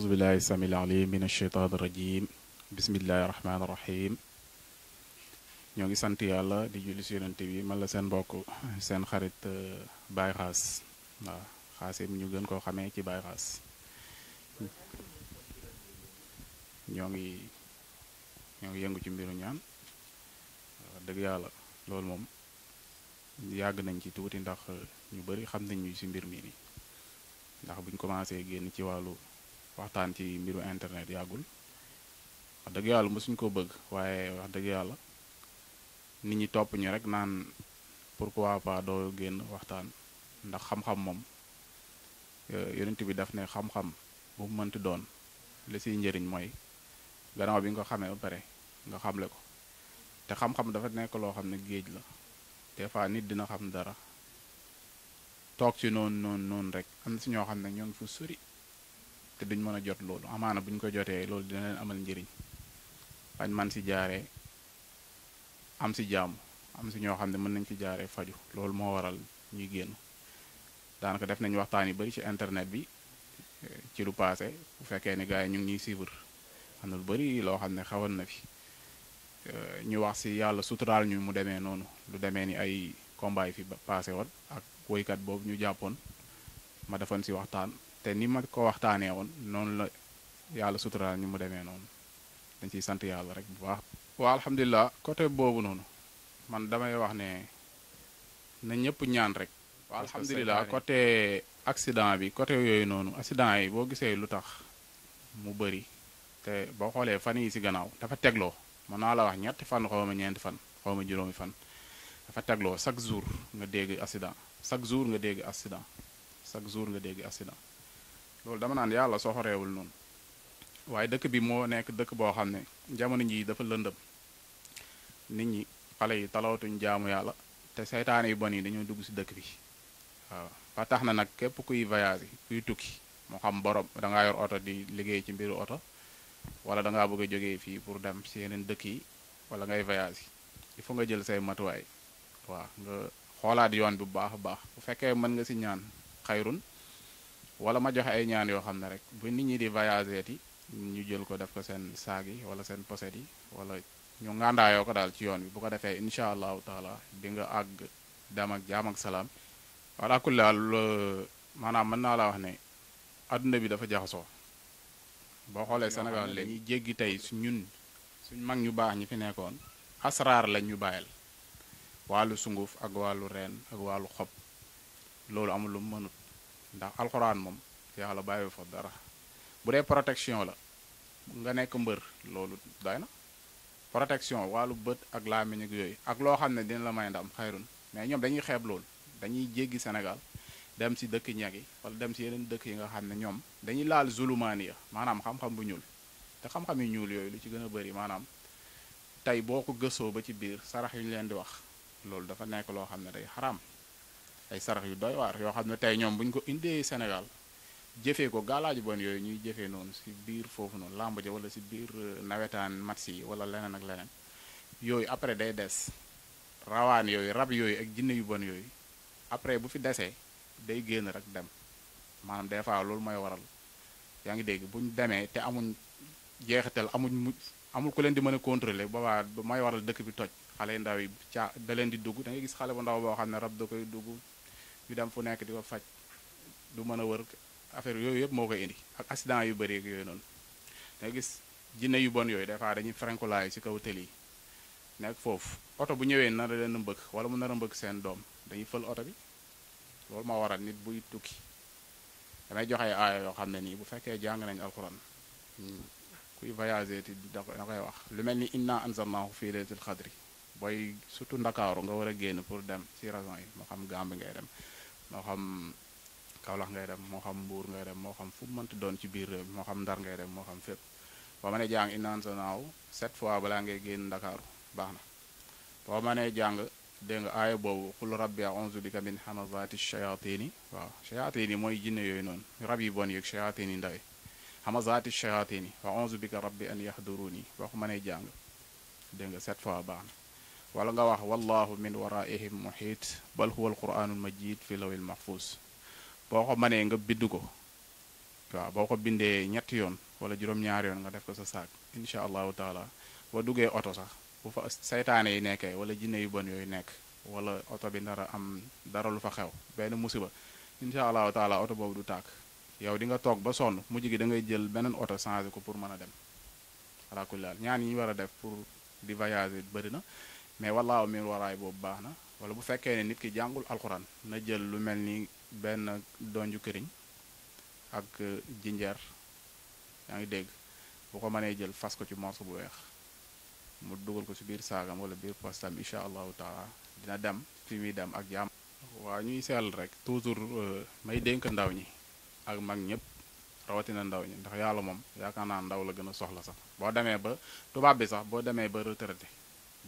أعوذ بالله السميع العليم من الشيطان الرجيم بسم الله الرحمن الرحيم ñoo ngi sant yàlla di julli si yonent bi man seen mbokk seen xarit euh, Baye Xaas waaw xaase ñu gën koo xamee ci Baye Xaas ñoo ngi ñoo ngi yëngu ci mbiru ñaan wax dëgg yàlla loolu moom yàgg nañ ci tuuti ndax ñu bari xam nañ ñu mbir mi nii ndax buñ commencé génn ci wàllu waxtaan ci mbiru internet yàggul wax dëgg yàlla mësuñ ko bëgg waaye wax dëgg yàlla nit ñi topp ñu rek naan pourquoi pas doo génn waxtaan ndax xam-xam moom e, yonent bi daf ne xam-xam bu mënti doon li siy njëriñ mooy gannaaw bi nga ko xamee ba pare nga xamle ko te xam-xam dafa nekk loo xam ne géej la des fois nit dina xam dara toog ci noonu noonu noonu rek am na si ñoo xam ne ñoo ngi fu suri te duñ mën a jot loolu amaana buñ ko jotee loolu dina leen amal njëriñ bañ man si jaaree am si jàmm am si ñoo xam ne mën nañ ci jaaree faju loolu moo waral ñuy génn daanaka def nañ waxtaan yu bari ci internet bi eh, ci lu paase bu fekkee ne gars yi ñu ngi ñuy suivre am lu bari loo xam ne xawoon na fi eh, ñu wax si yàlla suturaal ñu mu demee noonu lu demee ni ay combat yi fi paase woon ak woykat boobu ñu jàppoon ma defoon si waxtaan. te ni ma ko waxtaanee woon noonu la yàlla suturaal ñi mu demee noonu dañ ciy sant yàlla rek bu baax. alhamdulilah côté boobu noonu man damay wax ne na ñëpp ñaan rek. waaw alhamdulilah côté accident bi côté yooyu noonu accident yi boo gisee lu tax mu bëri te boo xoolee fan yi si gannaaw dafa tegloo mën naa la wax ñetti fan xaw ñeenti fan xaw ma juróomi fan dafa tegloo chaque jour nga dégg accident chaque jour nga dégg accident chaque jour nga dégg accident. loolu dama naan yàlla soxoreewul noonu waaye dëkk bi moo nekk dëkk boo xam ne jamono jii dafa lëndëm nit ñi xale yi talawatuñ jaamu yàlla te seytaane yu bon yi dañoo dugg si dëkk bi waaw ba tax na nag képp kuy voyage kuy tukki moo xam borom da ngaa yor oto di liggéey ci mbiru oto wala danga ngaa bëgg a jógee fii pour dem si yeneen dëkk yi wala ngay voyage il faut nga jël say matuwaay waaw nga xoolaat yoon bu baax a baax bu fekkee mën nga si ñaan xayrun wala ma joxe ay ñaan yoo xam ne rek bu nit ñi di voyager yi ñu jël ko def ko seen saag yi wala seen poset yi wala ñu ngàndaayoo ko daal ci yoon bi bu ko defee incha allahu taala di nga àgg dem ak jaam ak salaam wala kulli haal maanaam mën naa laa wax ne àdduna bi dafa jaxasoo boo xoolee Sénégal léegi ñuy jéggi tey su ñun suñ mag ñu baax ñi fi nekkoon asraar lañ ñu bàyyil wàllu sunguf ak wàllu reen ak wàllu xob loolu amul mu mënut ndax alxuraan moom yàlla bàyyi fa dara bu dee protection la nga nekk mbër loolu doy na protection wàllu bët ak làmmiñ ak yooyu ak loo xam ne dina la may ndam xayrun mais ñoom dañuy xeeb loolu dañuy jéggi Sénégal dem si dëkk ñeg yi wala dem si yeneen dëkk yi nga xam ne ñoom dañuy laal zulumaaniya maanaam xam-xam bu ñuul te xam-xam ñuul yooyu lu ci gën a bëri maanaam tey boo ko gëstoo ba ci biir sarax yi ñu leen di wax loolu dafa nekk loo xam ne day xaraam ay sarax yu doy waar yoo xam ne tey ñoom bu ko indee Sénégal jëfee ko gaalaaju bon yooyu ñuy jëfee noonu si biir foofu noonu làmbaje ja wala si biir euh, nawetaan mats yi wala leneen ak leneen yooyu après day des rawaan yooyu rab yooyu ak jinne yu bon yooyu après bu fi desee day génn rek dem maanaam des fois loolu mooy waral yaa ngi dégg buñ demee te amuñ jeexital amuñ mu amul ko leen di mën a contrôler boobaa may waral dëkk bi toj xale ndaw yi caa da leen di dugg da ngay gis xale bu ndaw boo xam ne rab da koy dugg ñu dem fu nekk di ko faj du mën a wër affaire yooyu yëpp moo koy indi ak accident yu bëri yooyu noonu nga gis jinne yu bon yooyu des fois dañuy frankulaayu ci kaw tëli yi nekk foofu oto bu ñëwee na a leen mbëkk wala mu nar a seen doom dañuy fël oto bi loolu moo waral nit buy tukki damay joxe ay yoo xam ne nii bu fekkee jàng nañ alxuraan hmm, kuy voyager ti da koy wax lu mel ni inna anzalnahu fii laylatul qadri booy surtout ndakaaru nga war a génn pour dem ci raison yi moo xam Gàmbi ngay dem moo xam Kaolack ngay dem moo xam Mbuur ngay dem moo xam fu mu doon ci biir moo xam Ndar ngay dem moo xam fépp boo mënee jàng international set fois balaa ngay génn Ndakaaru baax na boo mënee jàng dégg nga aaya boobu xul rabbi a'uuzu bika min hamazaati shayaatini waaw ni mooy jinne yooyu noon rab yi bon yeeg shayaatini ndaw yi hamazaati shayaatini wa a'uuzu bika rabbi an yahduruni boo ko mënee jàng dégg sept fois baax na wala nga wax wallahu min waraihim muhit bal huwa alquranul majid fi lawil mahfuz boo ko manee nga bind ko waaw boo ko bindee ñetti yoon wala juróom-ñaari yoon nga def ko sa saak incha allahu taala boo duggee oto sax bu fa saytaane yi nekkee wala jinne yu bon yooyu nekk wala oto bi ndara am dara lu fa xew benn musiba incha allahu taala auto boobu du tàkk yow di nga toog ba sonn mujj gi da ngay jël beneen oto changé ko pour mën a dem alaakulli ñaan yi ñu war a def pour di voyager bëri na mais wallaahu min waraay boobu baax na wala bu fekkee ne nit ki jàngul alxuraan na jël lu mel ni benn ju këriñ ak euh, jinjeer yaa ngi dégg bu ko mënee jël fas ko ci morceau bu weex mu dugal ko ci biir saagam wala biir postam incha allahu taala dina dem fi muy dem ak jàmm. waa ñuy sell rek toujours euh, may dénk ndaw ñi ak mag ñëpp rawatina ndaw ñi ndax yàlla moom yaakaar naa ndaw la gën a soxla sax boo demee ba tubaab bi sax boo demee ba retraité.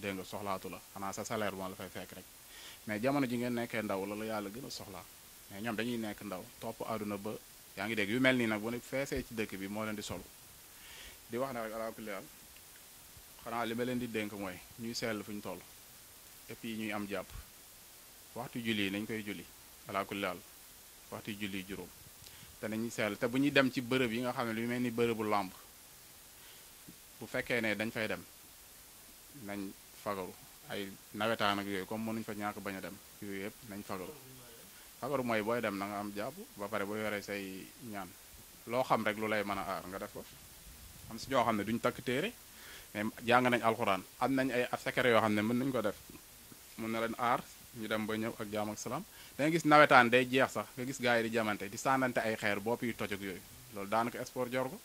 dégg nga soxlaatu la xanaa sa salaire moo la fay fekk rek mais jamono ji ngeen nekkee ndaw la la yàlla gën a soxlaa mais ñoom dañuy nekk ndaw topp àdduna ba yaa ngi dégg yu mel nii nag bu ne feesee ci dëkk bi moo leen di solu di wax ne rek alaakuleyal xanaa li ma leen di dénk mooy ñuy sell fu ñu toll et puis ñuy am jàpp waxtu julli nañ koy julli alaakuleyal waxtu julli juróom te nañuy sell te bu ñuy dem ci bërëb yi nga xam ne lu mel ni bërëbu làmb fekkee ne dañ fay dem fagaru ay nawetaan ak yooyu comme mënuñ fa ñàkk bañ a dem yooyu yëpp nañ fagaru fagaru mooy booy dem na nga am jàpp ba pare boo yoree say ñaan loo xam rek lu lay mën a aar nga def ko am si ñoo xam ne duñ takk téere mais jàng nañ alxuraan am nañ ay secret yoo xam ne mën nañ ko def mën na leen aar ñu dem ba ñëw ak jaam ak salaam gis nawetaan day jeex sax nga gis gaa yi di jamante di saanante ay xeer bopp yu toj yooyu loolu daanaka sport jor ko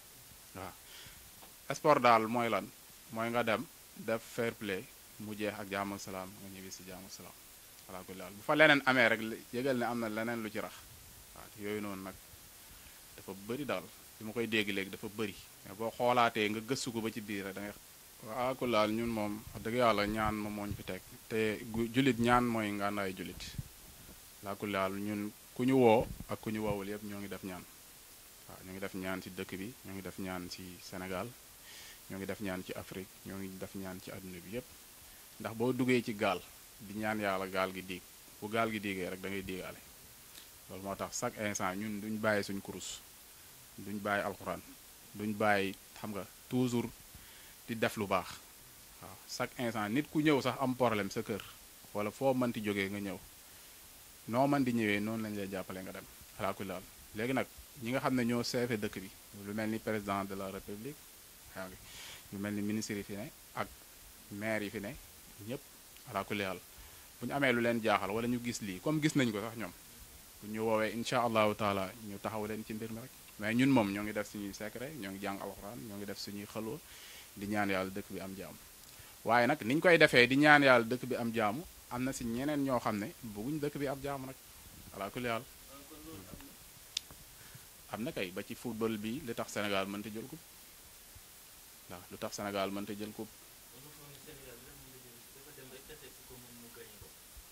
waaw sport daal mooy lan mooy nga dem def fair mu jeex ak jaamu salaam nga ñibbi si jaamu salaam ala kulli bu fa leneen amee rek yëgal ne am na leneen lu ci rax waaw te yooyu noonu nag dafa bëri daal li ma koy dégg léegi dafa bëri mais boo xoolaatee nga gëstu ko ba ci biir da ngay waaw ku laal ñun moom dëgg yàlla ñaan moom moo fi teg te julit ñaan mooy ngàndaay jullit laaku laal ñun ku ñu woo ak ku ñu woowul yëpp ñoo ngi def ñaan waaw ñoo ngi def ñaan ci dëkk bi ñoo ngi def ñaan ci Sénégal ñoo ngi def ñaan ci Afrique ñoo ngi def ñaan ci àdduna bi yëpp ndax boo duggee ci gaal di ñaan yàlla gaal gi diig bu gaal gi diigee rek da ngay diigaale loolu moo tax chaque instant ñun duñ bàyyi suñ kurus duñ bàyyi alxuraan duñ bàyyi xam nga toujours di def lu baax waaw chaque instant nit ku ñëw sax am problème sa kër wala foo mënti jógee nga ñëw noo mën di ñëwee noonu lañ lay jàppale nga dem alaa kulli haal léegi nag ñi nga xam ne ñoo seefe dëkk bi lu mel ni président de la république yaa ngi lu mel ni ministre yi fi ne ak maire yi fi ne ñëpp alaakulli àll bu ñu amee lu leen jaaxal wala ñu gis lii comme gis nañ ko sax ñoom bu ñu woowee incha allahu taala ñu taxaw leen ci mbir mi rek mais ñun moom ñoo ngi def suñuy secret ñoo ngi jàng alxuraan ñoo ngi def suñuy xaloo di ñaan yàlla dëkk bi am jaam waaye nag niñ koy defee di ñaan yàlla dëkk bi am jaamu am na si ñeneen ñoo xam ne bëgguñ dëkk bi am jaamu nag alaakulli àll am na kay ba ci football bi li tax Sénégal mënta jël coupe ndax lu tax senegal mënta jël coupe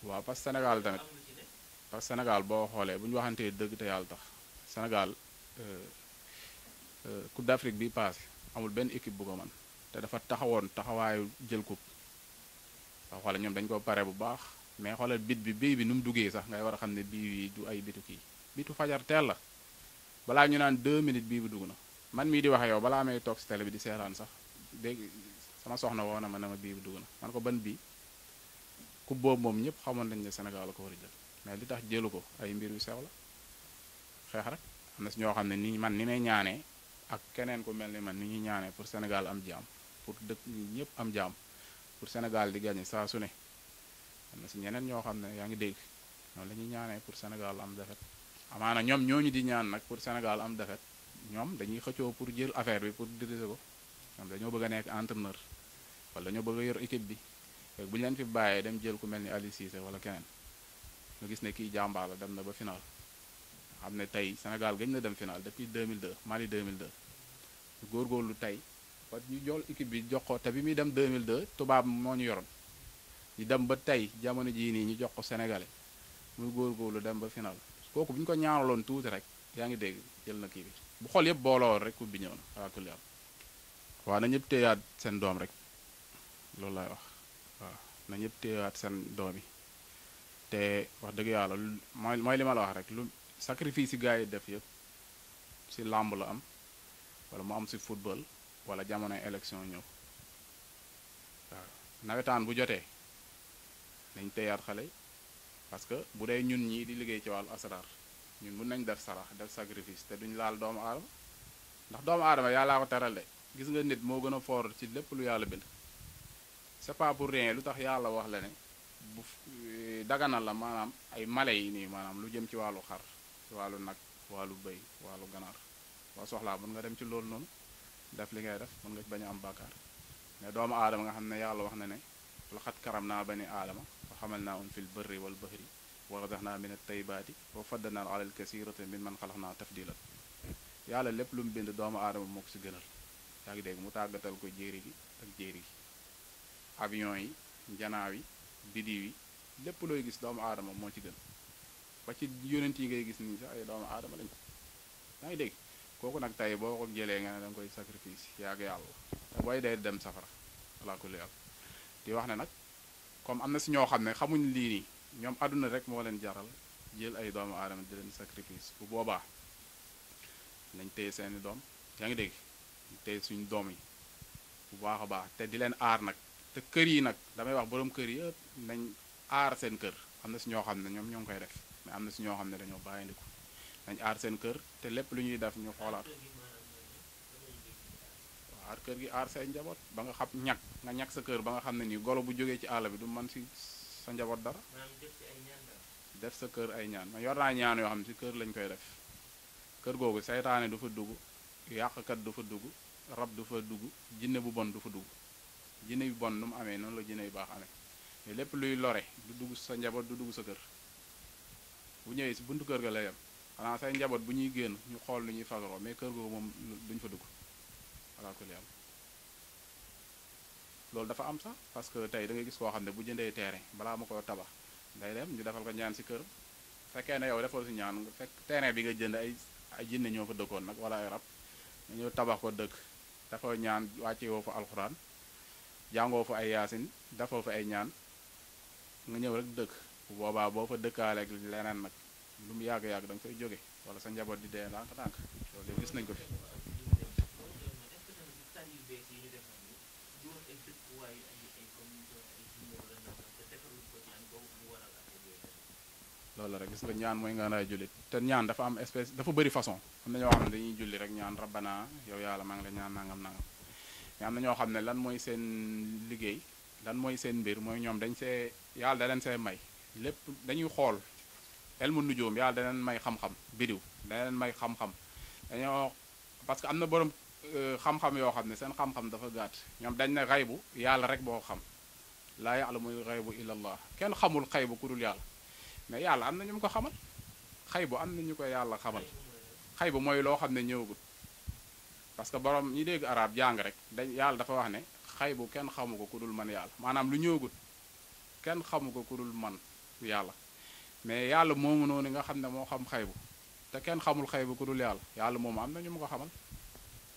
waaw parce que Sénégal tamit parce que Sénégal boo xoolee bu ñu waxantee dëgg te yàlla tax Sénégal euh, euh, coupe d'Afrique bii passé amul benn équipe bu ko man te dafa taxawoon taxawaayu jël coupe waaw xoole ñoom dañ ko pare bu baax mais xoolal bit bi bii bi nu mu duggee sax ngay war a xam ne bii wi du ay bitu kii bitu fajar teel la balaa ñu naan deux minutes bii bu dugg na man mii di waxee yow balaa may toog si télé bi di seetaan sax dégg sama soxna woo na ma ne bii bi dugg na man ko ban bii coupe boobu moom ñëpp xamoon nañ ne Sénégal la ko war a jël mais li tax jëlu ko ay mbir yu sew la xeex rek am na si ñoo xam ne ni man ni may ñaanee ak keneen ku mel ni man ni ñuy ñaanee pour Sénégal am jaam pour dëkk ñëpp am jaam pour Sénégal di gagné saa su ne am na ñeneen ñoo xam ne yaa ngi dégg noonu la ñuy ñaanee pour Sénégal am defet amaana ñoom ñooñu di ñaan nag pour Sénégal am defet ñoom dañuy xëccoo pour jël affaire bi pour diriger ko ñoom dañoo bëgg a nekk entraîneur wala ñoo bëgg a yor équipe bi bu ñu leen fi bàyyee dem jël ku mel ni Aliou Cissé wala keneen nga gis ne kii jàmbaar la dem na ba final xam ne tey Sénégal gëj na dem final depuis de 2002 Mali góor góorgóorlu tey ba ñu jool équipe bi jox ko te bi muy dem 2002 tubaab moo ñu yoroon ñu dem ba tey jamono jii nii ñu jox ko Sénégalais muy góorgóorlu dem ba final kooku bu ñu ko ñaanaloon tuuti rek yaa ngi dégg jël na kii bi bu xol yëpp boolowoon rek coupe bi ñëw na waaw kulli waaw na ñëpp téyaat seen doom rek loolu laay wax. waaw na ñëpp téyewaat seen doom yi te wax dëgg yàlla mooy mooy li ma la wax rek lu sacrifice yi gars yi def yëpp si làmb la am wala mu am si football wala jamonoy élection ñëw waaw nawetaan bu jotee dañ téyaat xale yi parce que bu dee ñun ñii di liggéey ci wàllu asrar ñun mun nañ def sarax def sacrifice te duñ laal doomu aadama ndax doomu aadama yàllaa ko teral de gis nga nit moo gën a foor ci lépp lu yàlla bind c'est pas pour rien lu tax yàlla wax la ne bu eh, daganal la maanaam ay male yi nii maanaam lu jëm ci wàllu xar ci wàllu nag wàllu bëy wàllu ganaar boo soxlaa mën nga dem ci loolu noonu def li ngay def mën nga bañ am bàkkaar mais doomu aadama nga xam ne yàlla wax na ne laxat karam naa ba bani aadama wa xamal naa um fil bërri wal bahri wa radaxnaa min at-tayyibaati wa faddalnaa alal kasiirati min man xalaxnaa tafdiila yàlla lépp lu mu bind doomu aadama moo ko si gënal yaa ngi dégg mu tàggatal ko jéeri gi ak jéeri gi avion yi janaaw yi bidiw yi lépp looy gis doomu aadama moo ci gën ba ci yonent yi ngay gis nii sax ay doomu aadama lañ yaa ngi dégg kooku nag tey boo ko jëlee nga ne da nga koy sacrifice yàgg yàlla te booy day dem safara alaa kulli haal di wax ne nag comme am na si ñoo xam ne xamuñ lii nii ñoom àdduna rek moo leen jaral jël ay doomu aadama di leen sacrifice bu boobaa nañ téye seeni doom yaa ngi dégg téye suñu doom yi bu baax a baax te di leen aar nag te kër yi nag damay wax borom kër yëpp nañ aar seen kër am na si ñoo xam ne ñoom ñoo ngi koy def mais am na si ñoo xam ne dañoo bàyyi ndiku nañ aar seen kër te lépp lu ñuy def ñu xoolaat aar kër gi aar say njaboot ba nga xam ñàkk nga ñàkk sa kër ba nga xam ne nii golo bu jógee ci àll bi du man si sa njaboot dara def sa kër ay ñaan ma yor naa ñaan yoo xam ne si kër lañ koy def kër googu seytaane du fa dugg yàqkat du fa dugg rab du fa dugg jinne bu bon du dugg jinne yu bon nu mu amee noonu la jinne yu baax amee lépp luy lore du dugg sa njaboot du dugg sa kër bu ñëwee si buntu kër ga la yem xanaa say njaboot bu ñuy génn ñu xool lu ñuy fagaroo mais kër googu moom duñ fa dugg voilà ko li loolu dafa am sax parce que tey da ngay gis koo xam ne bu jëndee terrain balaa ma ko tabax day dem ñu defal ko ñaan si kër fekkee ne yow defal si ñaan nga fekk terrain bi nga jënd ay ay jinne ñoo fa dëkkoon nag wala ay rab ñu tabax ko dëkk dafa wàcce woo fa alxuraan jàngoo fa ay yaasin dafoo fa ay ñaan nga ñëw rek dëkk bu boobaa boo fa dëkkaale ak leneen nag lu mu yàgg-yàgg da nga jóge wala sa njaboot di dee ndànk ndànk loolu yëpp nañ ko fi loolu la rek ñaan mooy nga naay jullit te ñaan dafa am espèce dafa bari façon am na ñoo xam ne dañuy julli rek ñaan rabbana yow yàlla maa ngi la ñaan nangam nangam mais am na ñoo xam ne lan mooy seen liggéey lan mooy seen mbir mooy ñoom dañ see yàlla da leen see may lépp dañuy xool elmu nujoom yàlla daleen may xam-xam bidiw da leen may xam-xam parce que am na borom euh, xam yoo xam ne seen xam dafa gàtt ñoom dañ ne xaybu yàlla rek boo xam laa ya'lamu xaybu illallah kenn xamul xaybu ku dul yàlla mais yàlla am na ñu ko xamal xaybu am na ñu ko yàlla xamal xaybu mooy loo xam ne ñëwagut parce que borom ñi dégg arab jàng rek dañ yàlla dafa wax ne xaybu kenn xamu ko ku dul man yàlla maanaam lu ñëwagut kenn xamu ko ku man yàlla mais yàlla moomu noonu nga xam ne moo xam xaybu te kenn xamul xaybu ku dul yàlla yàlla moomu am na ñu mu ko xamal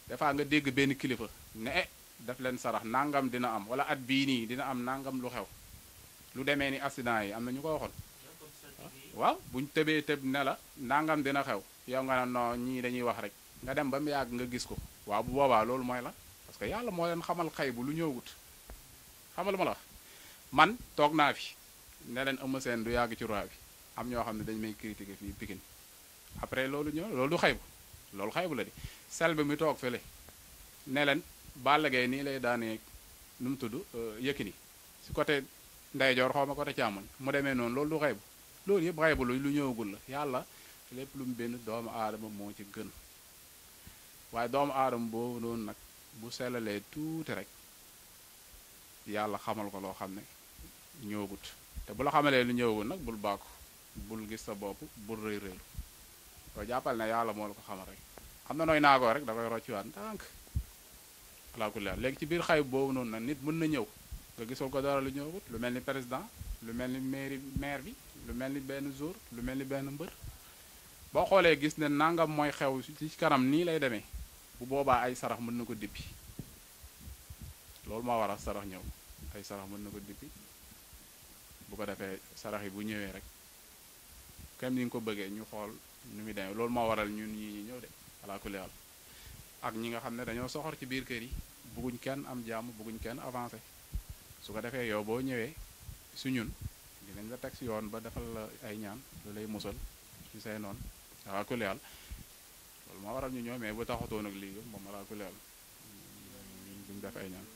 des nga dégg benn kilifa ne eh daf leen sarax nangam dina am wala at bii nii dina am nangam lu xew lu demee ni accident yi am na ñu ko waxoon ah, waaw buñ tëbee tëb ne la nangam dina xew yow nga ne non ñii dañuy wax rek nga dem ba mu yàgg nga gis ko waaw bu boobaa loolu mooy la parce que yàlla moo leen xamal xay bu lu ñëwut xamal ma la man toog naa fi ne leen Eumeu du yàgg ci roi bi am ñoo xam ne dañ may critiquer fii Pikine après loolu ñëw loolu du xaybu loolu xaybu la di sel mi toog fële ne leen Balla nii lay daanee nu mu tudd euh, Yékini si côté ndeyjoor xaw ma côté càmmoñ mu demee noonu loolu du xaybu loolu yëpp lu ñëwagul la yàlla lépp lu mu benn doomu aadama moo ci gën waaye doomu aadama boobu noonu nag bu selalee tuuti rek yàlla xamal ko loo xam ne ñëwagut te bu la xamalee lu ñëwagut nag bul bàkku bul gis sa bopp bul rëylu loo jàppal ne yàlla moo la ko xamal rek xam na nooy naagoo rek da koy rocciwaat ndànk alaa kulli haal léegi ci biir xayb boobu noonu nag nit mën na ñëw nga gisul ko dara lu ñëwagut lu mel ni président lu mel ni mairie maire bi lu mel ni benn jour lu mel ni benn mbër boo xoolee gis ne nangam mooy xew ci kanam nii lay demee bu boobaa ay sarax mën na ko dippi loolu moo waral sarax ñëw ay sarax mën na ko dippi bu ko defee sarax yi bu ñëwee rek kenn ni ko bëggee ñu xool nu muy demee loolu moo waral ñun ñi ñëw de alaa kulli ak ñi nga xam ne dañoo soxor ci biir kër yi bëgguñ kenn am jàmm bëgguñ kenn avancé su ko defee yow boo ñëwee su ñun dinañ la teg si yoon ba defal la ay ñaan lu lay musal ci say noonu alaa kulli haal loolu moo waral ñu ñëw mais bu taxutoon ak lii moom alaa kulli haal duñ def ay ñaan.